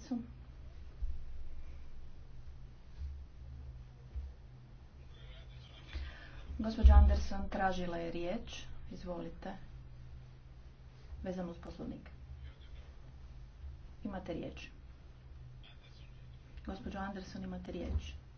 stranicu. Gospođa Anderson tražila je riječ. Izvolite. Vezano uz poslovnik. Imate riječ. Gospođo Anderson, imate riječ.